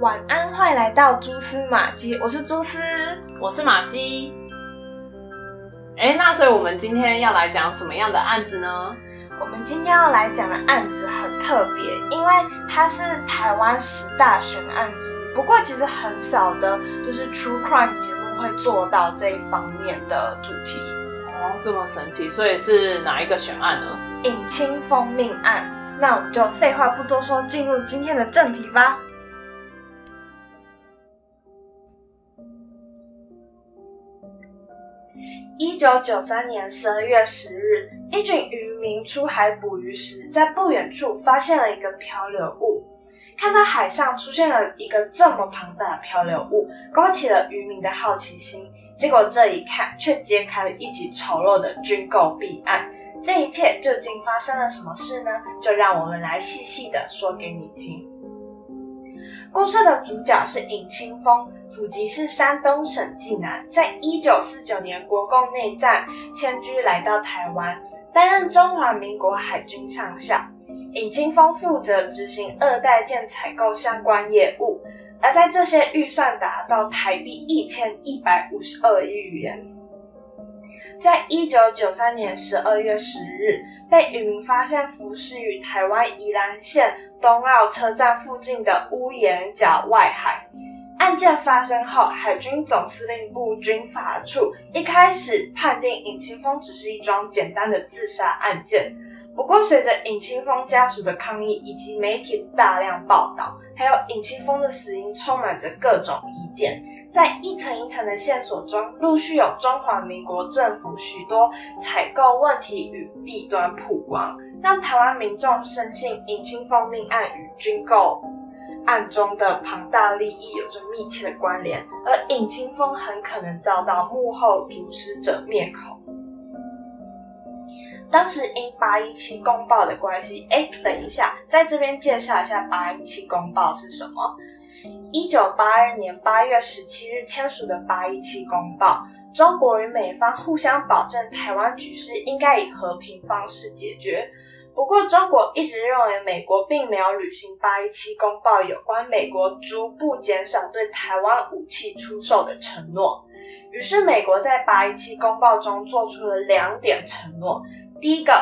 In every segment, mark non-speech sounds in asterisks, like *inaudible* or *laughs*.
晚安，歡迎來到蛛絲馬跡。我是蛛絲，我是馬跡。哎，那所以我們今天要來講什麼樣的案子呢？我們今天要來講的案子很特別，因為它是台灣十大懸案之一。不過其實很少的，就是 True Crime 節目會做到這一方面的主題。哦，這麼神奇！所以是哪一個懸案呢？尹清楓命案。那我們就廢話不多說，進入今天的正題吧。一九九三年十二月十日，一群漁民出海捕魚時，在不遠處發現了一個漂流物。看到海上出現了一個這麼龐大的漂流物，勾起了漁民的好奇心。結果這一看，卻揭開了一起醜陋的軍購弊案。這一切究竟發生了什麼事呢？就讓我們來細細的說給你聽。公社的主角是尹清楓，祖籍是山東省濟南，在一九四九年國共內戰遷居來到台灣，擔任中華民國海軍上校。尹清楓負責執行二代艦採購相關業務，而在這些預算達到台幣一千一百五十二億元。在一九九三年十二月十日，被漁民發現浮屍於台灣宜蘭縣東澳車站附近的烏岩角外海。案件發生後，海軍總司令部軍法處一開始判定尹清楓只是一樁簡單的自殺案件。不過，隨着尹清楓家屬的抗議以及媒體的大量報道，還有尹清楓的死因充滿着各種疑點。在一層一層的線索中，陸續有中華民國政府許多採購問題與弊端曝光，讓台灣民眾深信尹清楓命案與軍購案中的龐大利益有着密切的關聯，而尹清楓很可能遭到幕後主使者滅口。當時因八一七公報的關係，哎，等一下，在這邊介紹一下八一七公報是什麼？一九八二年八月十七日簽署的《八一七公報》，中國與美方互相保證，台灣局勢應該以和平方式解決。不過，中國一直認為美國並沒有履行《八一七公報》有關美國逐步減少對台灣武器出售的承諾。於是，美國在《八一七公報》中做出了兩點承諾：第一個，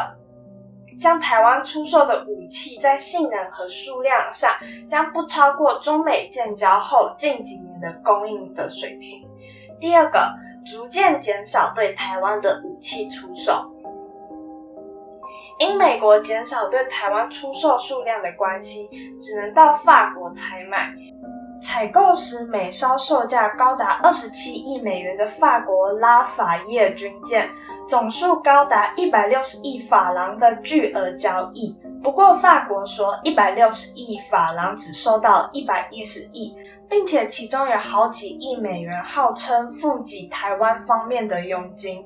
向台灣出售的武器在性能和數量上將不超過中美建交後近幾年的供應的水平。第二個，逐漸減少對台灣的武器出售。因美國減少對台灣出售數量的關係，只能到法國採買。採購時每艘售價高達二十七億美元的法國拉法葉軍艦，總數高達一百六十億法郎的巨額交易。不過，法國說一百六十億法郎只收到一百一十億，並且其中有好幾億美元號稱付給台灣方面的佣金。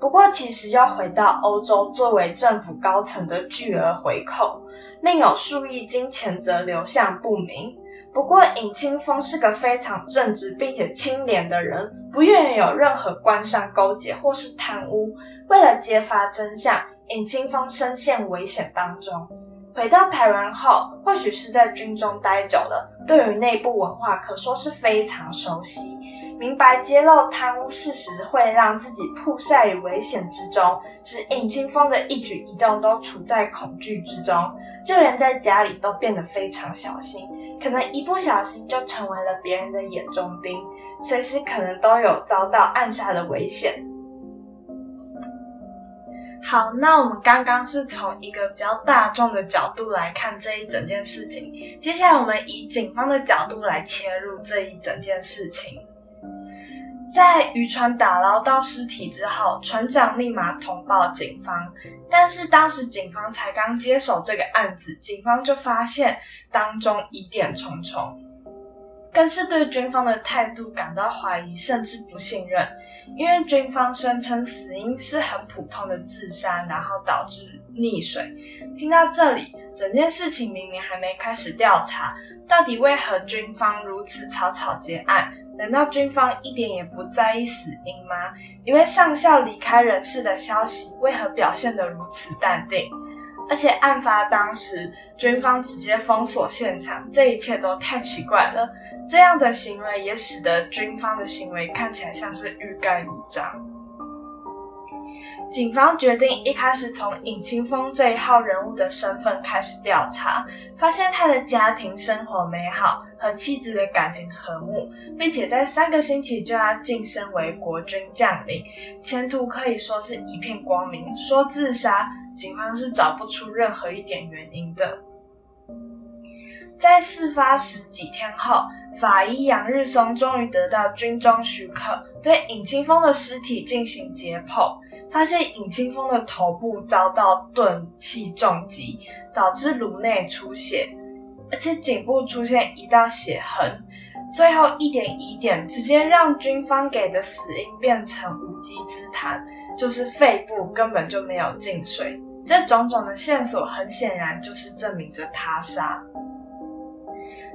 不過，其實要回到歐洲，作為政府高層的巨額回扣，另有數億金錢則流向不明。不過，尹清楓是個非常正直並且清廉的人，不願意有任何官商勾結或是貪污。為了揭發真相，尹清楓深陷危險當中。回到台灣後，或許是在軍中待久了，對於內部文化可說是非常熟悉，明白揭露貪污事實會讓自己曝曬於危險之中，使尹清楓的一舉一動都處在恐懼之中，就連在家裡都變得非常小心。可能一不小心就成為了別人的眼中釘，隨時可能都有遭到暗殺的危險。好，那我們剛剛是從一個比較大眾的角度來看這一整件事情，接下來我們以警方的角度來切入這一整件事情。在漁船打撈到屍體之後，船長立馬通報警方。但是當時警方才剛接手這個案子，警方就發現當中疑點重重，更是對軍方的態度感到懷疑，甚至不信任。因為軍方聲稱死因是很普通的自殺，然後導致溺水。聽到這裡，整件事情明明還沒開始調查，到底為何軍方如此草草結案？難道軍方一點也不在意死因嗎？因為上校離開人世的消息，為何表現得如此淡定？而且案發當時，軍方直接封鎖現場，這一切都太奇怪了。這樣的行為也使得軍方的行為看起來像是欲蓋彌彰。警方決定一開始從尹清楓這一號人物的身份開始調查，發現他的家庭生活美好，和妻子的感情和睦，並且在三個星期就要晉升為國軍將領，前途可以說是一片光明。說自殺，警方是找不出任何一點原因的。在事發十幾天後，法醫楊日松終於得到軍中許可，對尹清楓的屍體進行解剖。發現尹清楓的頭部遭到鈍器重擊，導致顱內出血，而且頸部出現一道血痕。最後一點疑點直接讓軍方給的死因變成無稽之談，就是肺部根本就沒有進水。這種種的線索，很顯然就是證明着他殺。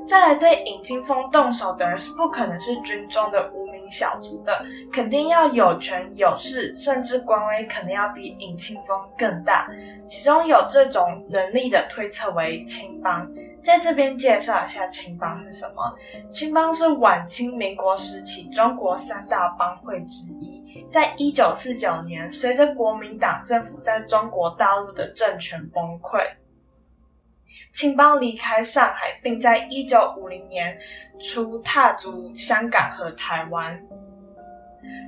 再來，對尹清楓動手的人是不可能是軍中的無名小卒的，肯定要有權有勢，甚至官威肯定要比尹清楓更大。其中有這種能力的推測為青幫。在這邊介紹一下青幫是什麼？青幫是晚清民國時期中國三大幫會之一。在一九四九年，隨着國民黨政府在中國大陸的政權崩潰，青幫離開上海，並在1950年初踏足香港和台灣，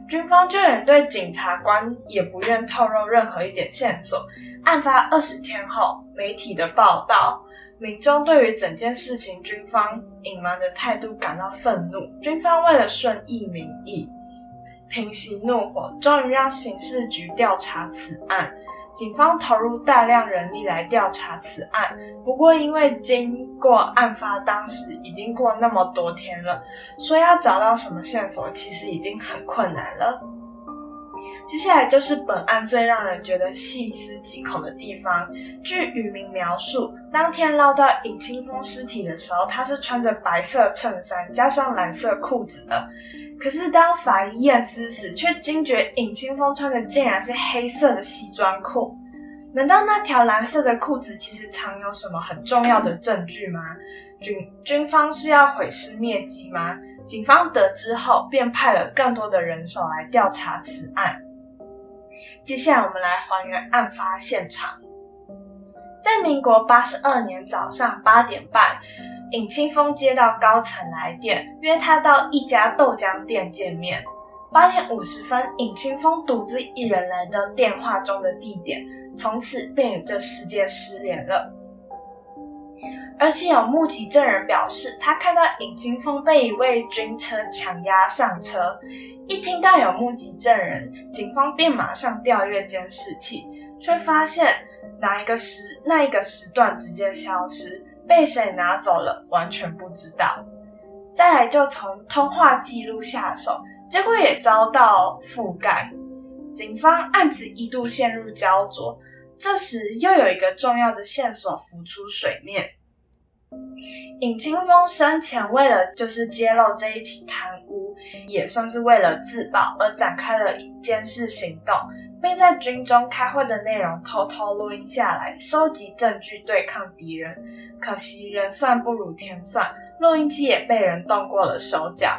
軍方就連對檢察官也不願透露任何一點線索。案發二十天後，媒體的報道民眾對於整件事情軍方隱瞞的態度感到憤怒。軍方為了順應民意，平息怒火，終於讓刑事局調查此案。警方投入大量人力來調查此案，不過因為經過案發當時已經過那麼多天了，說要找到什麼線索，其實已經很困難了。接下來就是本案最讓人覺得細思極恐的地方。據漁民描述，當天撈到尹清楓屍體的時候，他是穿着白色襯衫加上藍色褲子的。可是，當法醫驗屍時，卻驚覺尹清楓穿的竟然是黑色的西裝褲。難道那條藍色的褲子其實藏有什麼很重要的證據嗎？軍軍方是要毀屍滅跡嗎？警方得知後，便派了更多的人手來調查此案。接下來，我們來還原案發現場。在民國八十二年早上八點半，尹清楓接到高層來電，約他到一家豆漿店見面。八點五十分，尹清楓獨自一人來到電話中的地點，從此便與這世界失聯了。而且有目擊證人表示，他看到尹清楓被一位軍車強壓上車。一聽到有目擊證人，警方便馬上調閱監視器，卻發現哪一個時那一個時段直接消失。被誰拿走了，完全不知道。再來就從通話記錄下手，結果也遭到覆蓋。警方案子一度陷入焦灼。這時又有一個重要的線索浮出水面：尹清楓生前為了就是揭露這一起貪污，也算是為了自保而展開了監視行動。並在軍中開會的內容偷偷錄音下來，收集證據對抗敵人。可惜人算不如天算，錄音機也被人動過了手腳，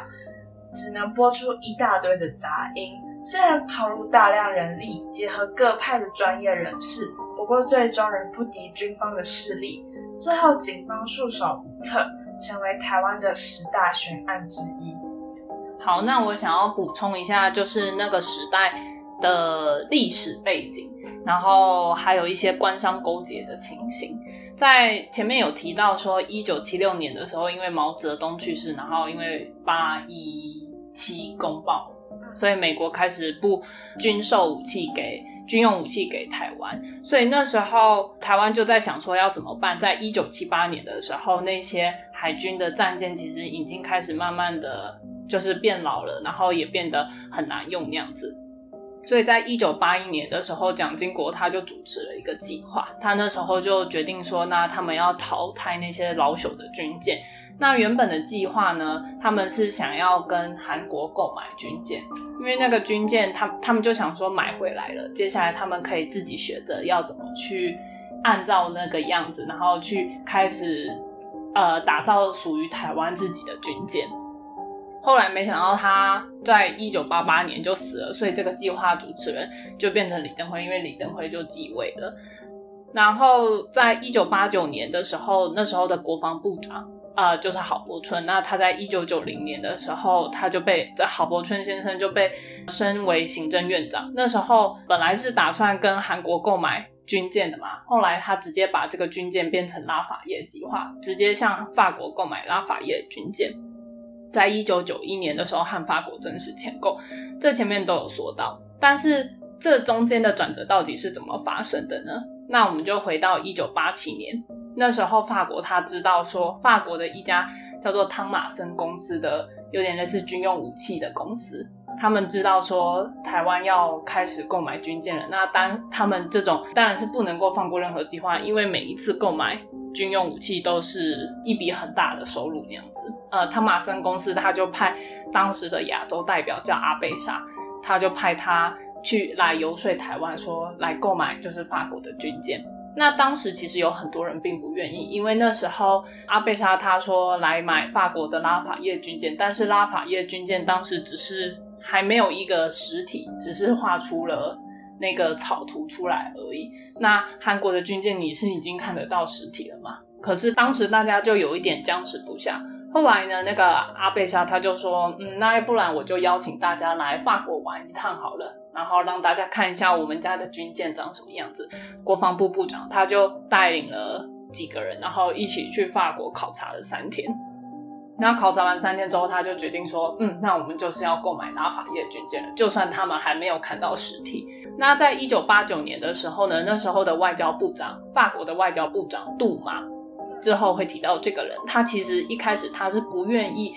只能播出一大堆的雜音。雖然投入大量人力，結合各派的專業人士，不過最終仍不敵軍方的勢力。最後警方束手無策，成為台灣的十大懸案之一。好，那我想要補充一下，就是那個時代，的歷史背景，然後還有一些官商勾結的情形，在前面有提到說，一九七六年的時候，因為毛澤東去世，然後因為八一七公報，所以美國開始不軍售武器給軍用武器給台灣，所以那時候台灣就在想說要怎麼辦。在一九七八年的時候，那些海軍的戰艦其實已經開始慢慢的就是變老了，然後也變得很難用那樣子。所以在一九八一年的時候，蔣經國他就主持了一個計劃。他那時候就決定說，那他們要淘汰那些老朽的軍艦。那原本的計劃呢，他們是想要跟韓國購買軍艦，因為那個軍艦他，他他們就想說買回來了，接下來他們可以自己學着要怎麼去按照那個樣子，然後去開始呃打造屬於台灣自己的軍艦。後來沒想到他在一九八八年就死了，所以這個計劃主持人就變成李登輝，因為李登輝就繼位了。然後在一九八九年的時候，那時候的國防部長啊、呃、就是郝柏村。那他在一九九零年的時候，他就被在郝柏村先生就被升為行政院長。那時候本來是打算跟韓國購買軍艦的嘛，後來他直接把這個軍艦變成拉法葉計劃，直接向法國購買拉法葉軍艦。在一九九一年的時候，和法國正式簽購，這前面都有說到。但是這中間的轉折到底是怎麼發生的呢？那我們就回到一九八七年，那時候法國他知道說，法國的一家叫做湯馬森公司的，有點類似軍用武器的公司，他們知道說台灣要開始購買軍艦了。那當他們這種當然是不能夠放過任何計劃，因為每一次購買軍用武器都是一筆很大的收入那樣子。呃，湯馬森公司他就派當時的亞洲代表叫阿貝莎，他就派他去來遊說台灣，說來購買就是法國的軍艦。那當時其實有很多人並不願意，因為那時候阿貝莎他說來買法國的拉法葉軍艦，但是拉法葉軍艦當時只是還沒有一個實體，只是畫出了那個草圖出來而已。那韓國的軍艦你是已經看得到實體了嗎？可是當時大家就有一點僵持不下。後來呢，那個阿貝莎他就說，嗯，那要不然我就邀請大家來法國玩一趟好了，然後讓大家看一下我們家的軍艦長什麼樣子。國防部部長他就帶領了幾個人，然後一起去法國考察了三天。那考察完三天之後，他就決定說，嗯，那我們就是要購買拉法葉軍艦了，就算他們還沒有看到實體。那在一九八九年的時候呢，那時候的外交部長，法國的外交部長杜馬。之後會提到這個人，他其實一開始他是不願意，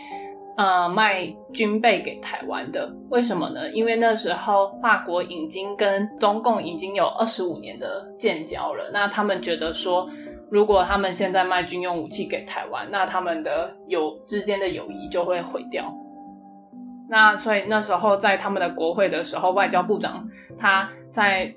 呃，賣軍備給台灣的。為什麼呢？因為那時候法國已經跟中共已經有二十五年的建交了。那他們覺得說，如果他們現在賣軍用武器給台灣，那他們的友之間的友誼就會毀掉。那所以那時候在他們的國會的時候，外交部長他在，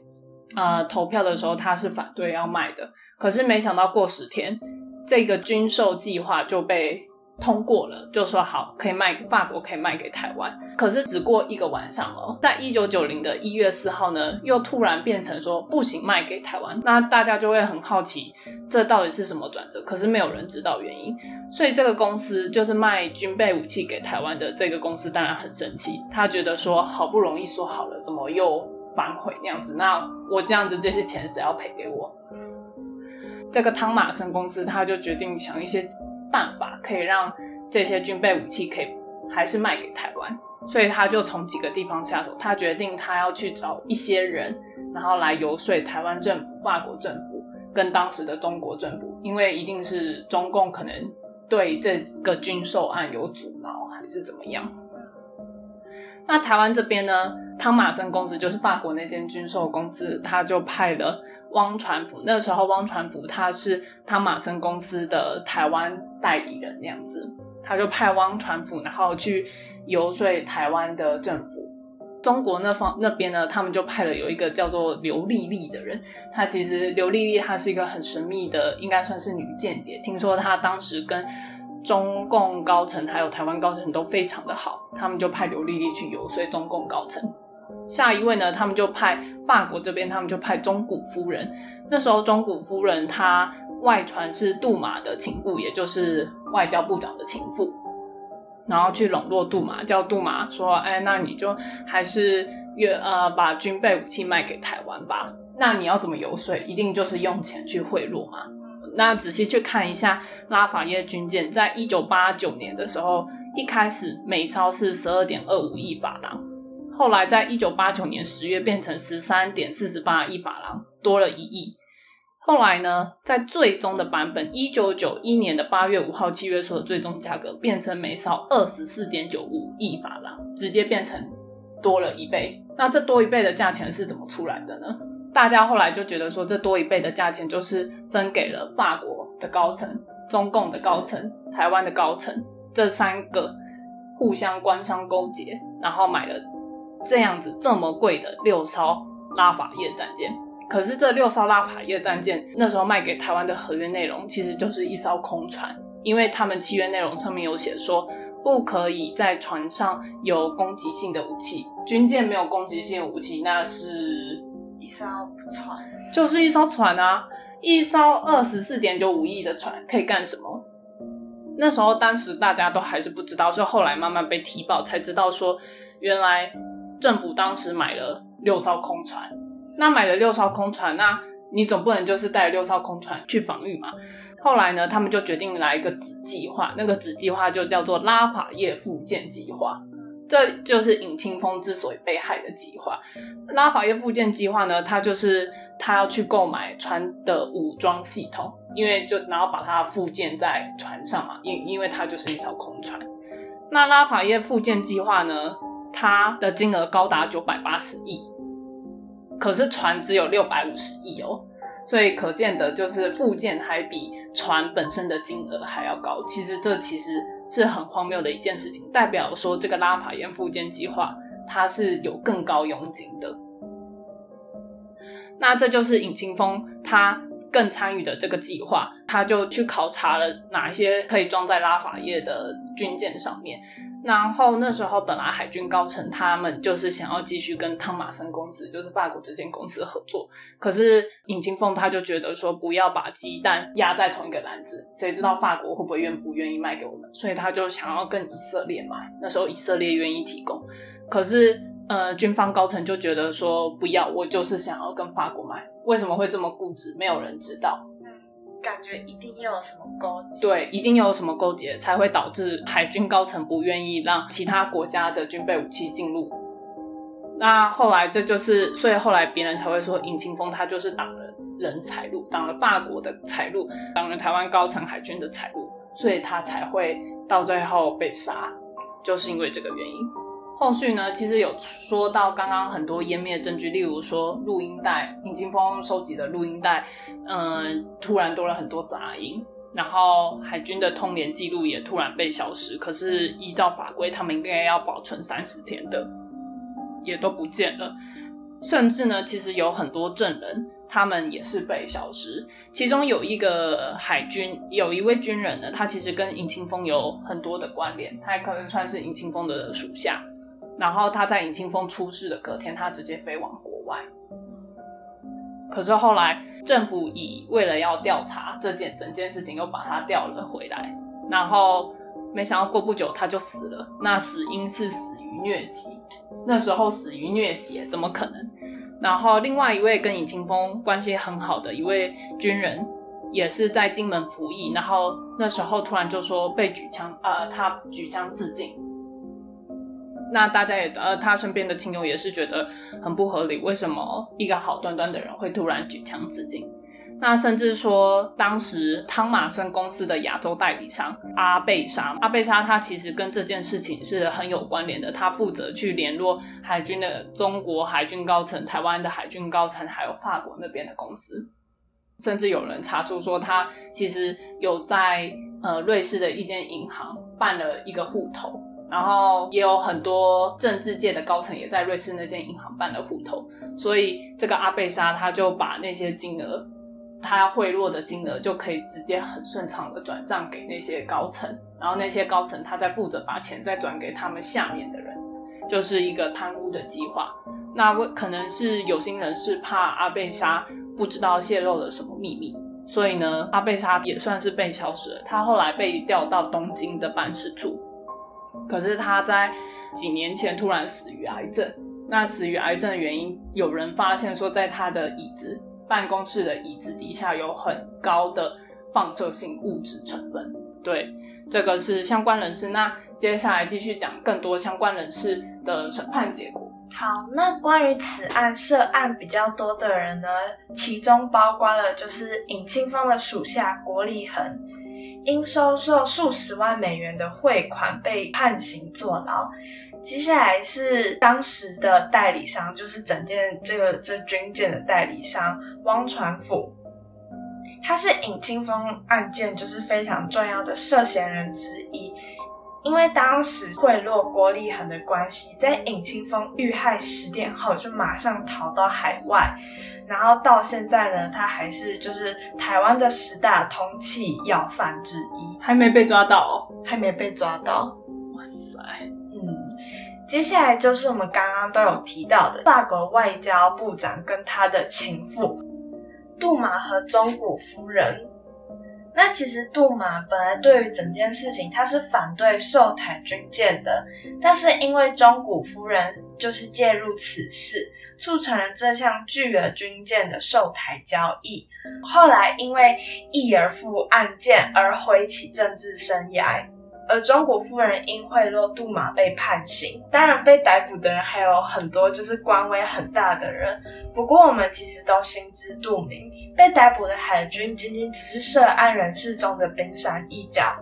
呃，投票的時候，他是反對要賣的。可是沒想到過十天。這個軍售計劃就被通過了，就說好可以賣法國，可以賣給台灣。可是只過一個晚上了，在一九九零的一月四號呢，又突然變成說不行賣給台灣。那大家就會很好奇，這到底是什麼轉折？可是沒有人知道原因。所以這個公司就是賣軍備武器給台灣的這個公司，當然很生氣。他覺得說，好不容易說好了，怎麼又反悔那樣子？那我這樣子這些錢誰要賠給我？這個湯馬森公司，他就決定想一些辦法，可以讓這些軍備武器可以還是賣給台灣，所以他就從幾個地方下手。他決定他要去找一些人，然後來遊說台灣政府、法國政府跟當時的中國政府，因為一定是中共可能對這個軍售案有阻撓，還是怎麼樣。那台灣這邊呢？湯馬森公司就是法國那間軍售公司，他就派了汪傳福。那時候，汪傳福他是湯馬森公司的台灣代理人那樣子，他就派汪傳福，然後去遊說台灣的政府。中國那方那邊呢，他們就派了有一個叫做劉麗麗的人。他其實劉麗麗她是一個很神秘的，應該算是女間諜。聽說她當時跟中共高層還有台灣高層都非常的好，他們就派劉麗麗去遊說中共高層。下一位呢？他們就派法國這邊，他們就派中古夫人。那時候中古夫人她外傳是杜馬的情婦，也就是外交部長的情婦，然後去籠絡杜馬，叫杜馬說：“哎，那你就還是約呃把軍備武器賣給台灣吧。那你要怎麼游說？一定就是用錢去賄賂嘛。那仔細去看一下，拉法葉軍艦在一九八九年的時候，一開始每艘是十二點二五億法郎。”後來，在一九八九年十月變成十三點四十八億法郎，多了一億。後來呢，在最終的版本，一九九一年的八月五號，契約書的最終價格變成每艘二十四點九五億法郎，直接變成多了一倍。那這多一倍的價錢是怎麼出來的呢？大家後來就覺得說，這多一倍的價錢就是分給了法國的高層、中共的高層、台灣的高層這三個互相官商勾結，然後買了。這樣子這麼貴的六艘拉法葉戰艦，可是這六艘拉法葉戰艦那時候賣給台灣的合約內容，其實就是一艘空船，因為他們契約內容上面有寫說不可以在船上有攻擊性的武器，軍艦沒有攻擊性武器，那是一艘船，就是一艘船啊，一艘二十四點九五億的船可以幹什麼？那時候當時大家都還是不知道，所以後來慢慢被踢爆才知道說原來。政府當時買了六艘空船，那買了六艘空船，那你總不能就是帶六艘空船去防禦嘛？後來呢，他們就決定來一個子計劃，那個子計劃就叫做拉法葉附件計劃，這就是尹清楓之所以被害的計劃。拉法葉附件計劃呢，他就是他要去購買船的武裝系統，因為就然後把它附件在船上嘛，因因為它就是一艘空船。那拉法葉附件計劃呢，它的金額高達九百八十億，可是船只有六百五十億哦，所以可見的就是附件還比船本身的金額還要高。其實這其實是很荒謬的一件事情，代表說這個拉法葉附件計劃它是有更高佣金的。那這就是尹清楓他。更參與的這個計劃，他就去考察了哪一些可以裝在拉法葉的軍艦上面。然後那時候本來海軍高層他們就是想要繼續跟湯馬森公司，就是法國這間公司合作，可是尹清楓他就覺得說不要把雞蛋壓在同一個籃子，誰知道法國會不會願不願意賣給我們？所以他就想要跟以色列買。那時候以色列願意提供，可是。呃，軍方高層就覺得說不要，我就是想要跟法國買，為什麼會這麼固執？沒有人知道。嗯，感覺一定要有什麼勾結。對，一定要有什麼勾結，才會導致海軍高層不願意讓其他國家的軍備武器進入。那後來這就是，所以後來別人才會說尹清楓他就是擋了人財路，擋了法國的財路，擋了台灣高層海軍的財路，所以他才會到最後被殺，就是因為這個原因。後續呢，其實有說到剛剛很多湮滅的證據，例如說錄音帶，尹清楓收集的錄音帶，嗯，突然多了很多雜音，然後海軍的通聯記錄也突然被消失。可是依照法規，他們應該要保存三十天的，也都不見了。甚至呢，其實有很多證人，他們也是被消失。其中有一個海軍，有一位軍人呢，他其實跟尹清楓有很多的關聯，他也可能算是尹清楓的屬下。然後他在尹清楓出事的隔天，他直接飛往國外。可是後來政府以為了要調查這件整件事情，又把他調了回來。然後沒想到過不久他就死了，那死因是死於瘧疾。那時候死於瘧疾，怎麼可能？然後另外一位跟尹清楓關係很好的一位軍人，也是在金門服役，然後那時候突然就說被舉槍，呃，他舉槍自盡。那大家也呃，他身邊的親友也是覺得很不合理，為什麼一個好端端的人會突然舉槍自盡？那甚至說，當時湯馬森公司的亞洲代理商阿貝莎，阿貝莎他其實跟這件事情是很有關聯的，他負責去聯絡海軍的中國海軍高層、台灣的海軍高層，還有法國那邊的公司，甚至有人查出說他其實有在呃瑞士的一間銀行辦了一個戶頭。然後也有很多政治界的高層也在瑞士那間銀行辦了戶頭，所以這個阿貝莎他就把那些金額，他要賄賂的金額就可以直接很順暢的轉賬給那些高層，然後那些高層他再負責把錢再轉給他們下面的人，就是一個貪污的計劃。那可能是有心人是怕阿貝莎不知道洩露了什麼秘密，所以呢，阿貝莎也算是被消失了，他後來被調到東京的辦事處。可是他在幾年前突然死於癌症，那死於癌症的原因，有人發現說，在他的椅子辦公室的椅子底下有很高的放射性物質成分。對，這個是相關人士。那接下來繼續講更多相關人士的審判結果。好，那關於此案涉案比較多的人呢，其中包括了就是尹清楓的屬下郭立恆。因收受數十萬美元的賄款被判刑坐牢。接下來是當時的代理商，就是整件這個這軍艦的代理商汪傳浦，他是尹清楓案件就是非常重要的涉嫌人之一，因為當時賄賂郭力恆的關係，在尹清楓遇害十天後就馬上逃到海外。然後到現在呢，他還是就是台灣的十大通緝要犯之一，還沒被抓到哦，還沒被抓到哦。哇塞，嗯，接下來就是我們剛剛都有提到的法國外交部長跟他的情婦杜馬和中古夫人。那其實杜馬本來對於整件事情他是反對售台軍艦的，但是因為中古夫人就是介入此事。促成了這項巨額軍艦的售台交易，後來因為艾爾夫案件而揮起政治生涯，而中國夫人因賄賂杜馬被判刑。當然，被逮捕的人還有很多，就是官威很大的人。不過，我們其實都心知肚明，被逮捕的海軍僅僅只是涉案人士中的冰山一角。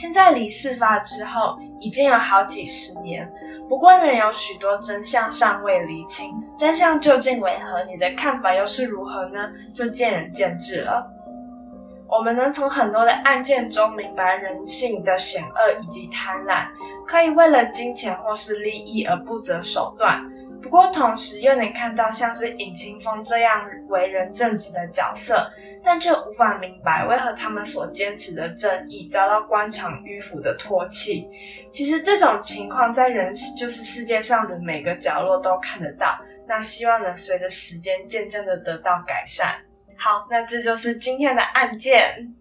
現在離事發之後已經有好幾十年，不過仍有許多真相尚未釐清。真相究竟為何？你的看法又是如何呢？就見仁見智了。我們能從很多的案件中明白人性的險惡以及貪婪，可以為了金錢或是利益而不擇手段。不過同時又能看到像是尹清楓這樣為人正直的角色，但卻無法明白為何他們所堅持的正義遭到官場迂腐的唾棄。其實這種情況在人就是世界上的每個角落都看得到，那希望能隨着時間漸漸的得到改善。好，那這就是今天的案件。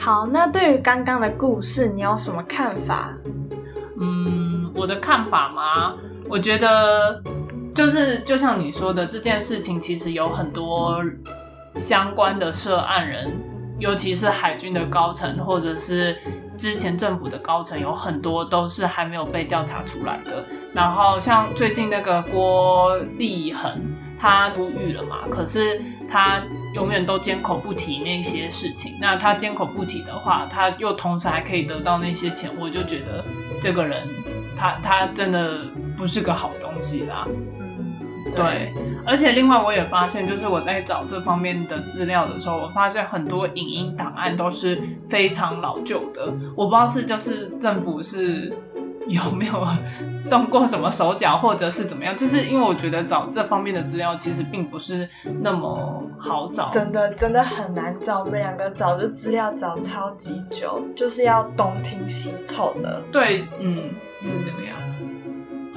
好，那對於剛剛的故事，你有什麼看法？嗯，我的看法嘛，我覺得就是就像你說的，這件事情其實有很多相關的涉案人，尤其是海軍的高層，或者是之前政府的高層，有很多都是還沒有被調查出來的。然後像最近那個郭力恆，他出獄了嘛，可是他。永遠都緘口不提那些事情，那他緘口不提的話，他又同時還可以得到那些錢，我就覺得這個人他他真的不是個好東西啦。對。對，而且另外我也發現，就是我在找這方面的資料的時候，我發現很多影音檔案都是非常老舊的，我不知道是就是政府是。有沒有動過什麼手腳，或者是怎麼樣？就是因為我覺得找這方面的資料其實並不是那麼好找，真的真的很難找。我們兩個找這資料找超級久，就是要東聽西湊的。對，嗯，是這個樣子。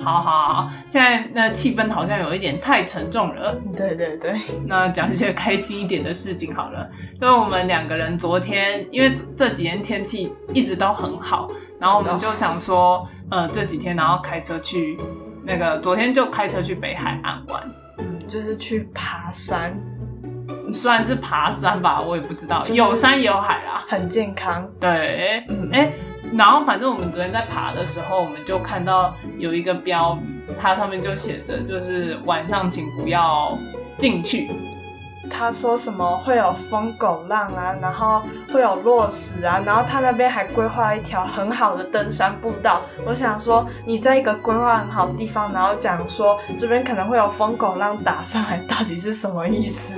好好好，現在那氣氛好像有一點太沉重了。 *laughs* 對對對，那講一些開心一點的事情好了。因為我們兩個人昨天，因為這幾天天氣一直都很好。然後我們就想說，呃，這幾天然後開車去那個，昨天就開車去北海岸玩，嗯，就是去爬山，算是爬山吧，我也不知道、就是，有山有海啦，很健康，對、嗯，欸，然後反正我們昨天在爬的時候，我們就看到有一個標語，它上面就寫着，就是晚上請不要進去。他說什麼會有瘋狗浪啊，然後會有落石啊，然後他那邊還規劃一條很好的登山步道。我想說，你在一個規劃很好的地方，然後講說這邊可能會有瘋狗浪打上來，到底是什麼意思？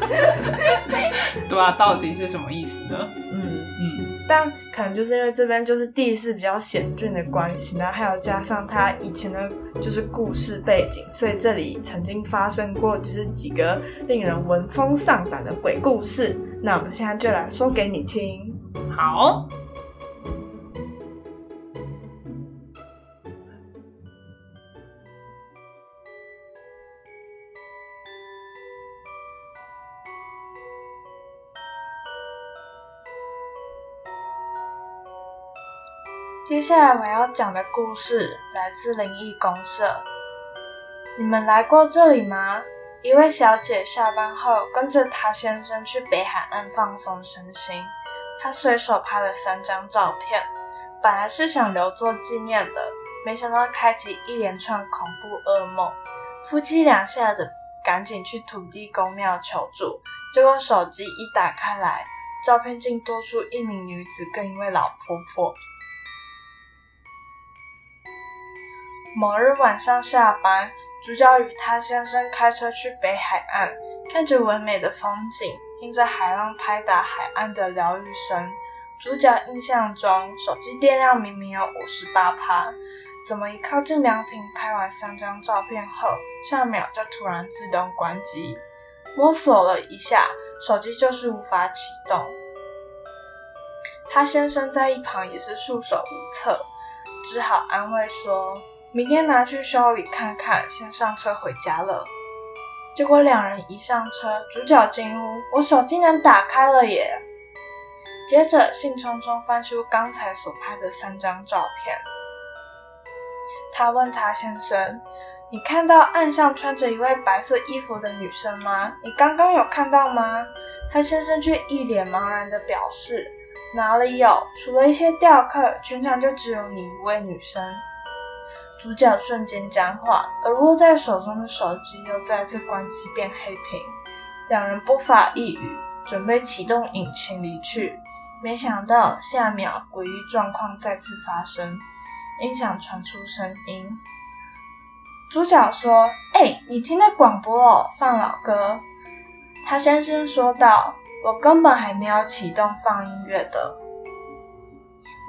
*laughs* *laughs* 對啊，到底是什麼意思呢？嗯嗯。但可能就是因為這邊就是地勢比較險峻的關係呢，然後還有加上它以前的，就是故事背景，所以這裡曾經發生過就是幾個令人聞風喪膽的鬼故事。那我們現在就來說給你聽，好。接下來我要講的故事來自靈異公社。你們來過這裡嗎？一位小姐下班後跟着她先生去北海岸放鬆身心，她隨手拍了三張照片，本來是想留作紀念的，沒想到開啟一連串恐怖噩夢。夫妻兩嚇得趕緊去土地公廟求助，結果手機一打開來，照片竟多出一名女子跟一位老婆婆。某日晚上下班，主角與他先生開車去北海岸，看着唯美的風景，聽着海浪拍打海岸的療癒聲。主角印象中手機電量明明有五十八趴，怎麼一靠近涼亭拍完三張照片後，下秒就突然自動關機？摸索了一下，手機就是無法啟動。他先生在一旁也是束手無策，只好安慰說。明天拿去修理看看，先上車回家了。結果兩人一上車，主角驚呼：“我手機竟然打開了耶！”接着興沖沖翻出剛才所拍的三張照片。他問他先生：“你看到岸上穿着一位白色衣服的女生嗎？你剛剛有看到嗎？”他先生卻一臉茫然地表示：“哪裡有？除了一些釣客，全場就只有你一位女生。”主角瞬間僵化，而握在手中的手機又再次關機變黑屏。兩人不發一語，準備啟動引擎離去。沒想到下秒詭異狀況再次發生，音響傳出聲音。主角說：“哎，你聽那廣播哦，放老歌。”他先生說道：“我根本還沒有啟動放音樂的，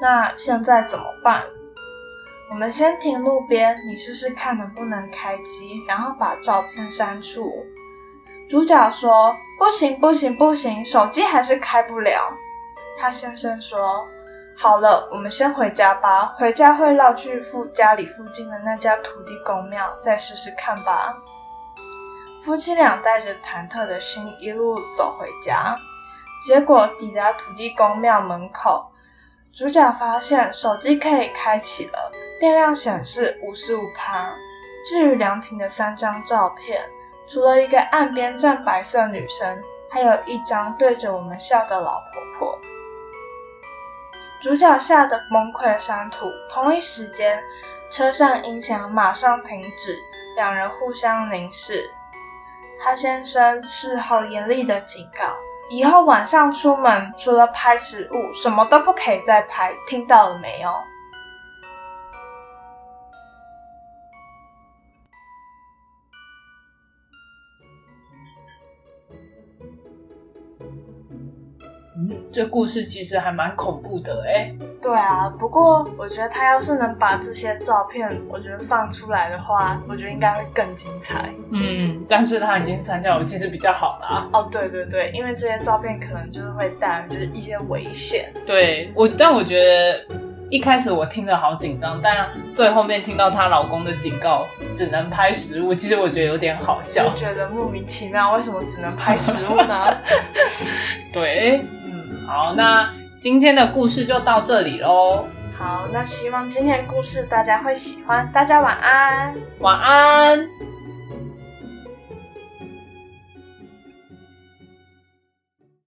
那現在怎麼辦？”我們先停路邊，你試試看能不能開機，然後把照片刪除。主角說：“不行，不行，不行，手機還是開不了。”他先生說：“好了，我們先回家吧。回家會繞去附家裡附近的那家土地公廟，再試試看吧。”夫妻倆帶着忐忑的心一路走回家，結果抵達土地公廟門口。主角發現手機可以開啟了，電量顯示五十五趴。至於涼亭的三張照片，除了一個岸邊站白色的女生，還有一張對着我們笑的老婆婆。主角嚇得崩潰刪圖。同一時間，車上音響馬上停止，兩人互相凝視。他先生是好嚴厲的警告。以後晚上出門，除了拍食物，什麼都不可以再拍，聽到了沒有？嗯，這故事其實還蠻恐怖的誒，哎。對啊，不過我覺得他要是能把這些照片，我覺得放出來的話，我覺得應該會更精彩。嗯，但是他已經刪掉了，其實比較好了啊。哦，對對對，因為這些照片可能就是會帶來就是一些危險。對我，但我覺得一開始我聽着好緊張，但最後面聽到她老公的警告，只能拍實物，其實我覺得有點好笑，就覺得莫名其妙，為什麼只能拍實物呢？ *laughs* *laughs* 對，嗯，好，那。今天的故事就到這裡嘍。好，那希望今天的故事大家會喜歡。大家晚安，晚安。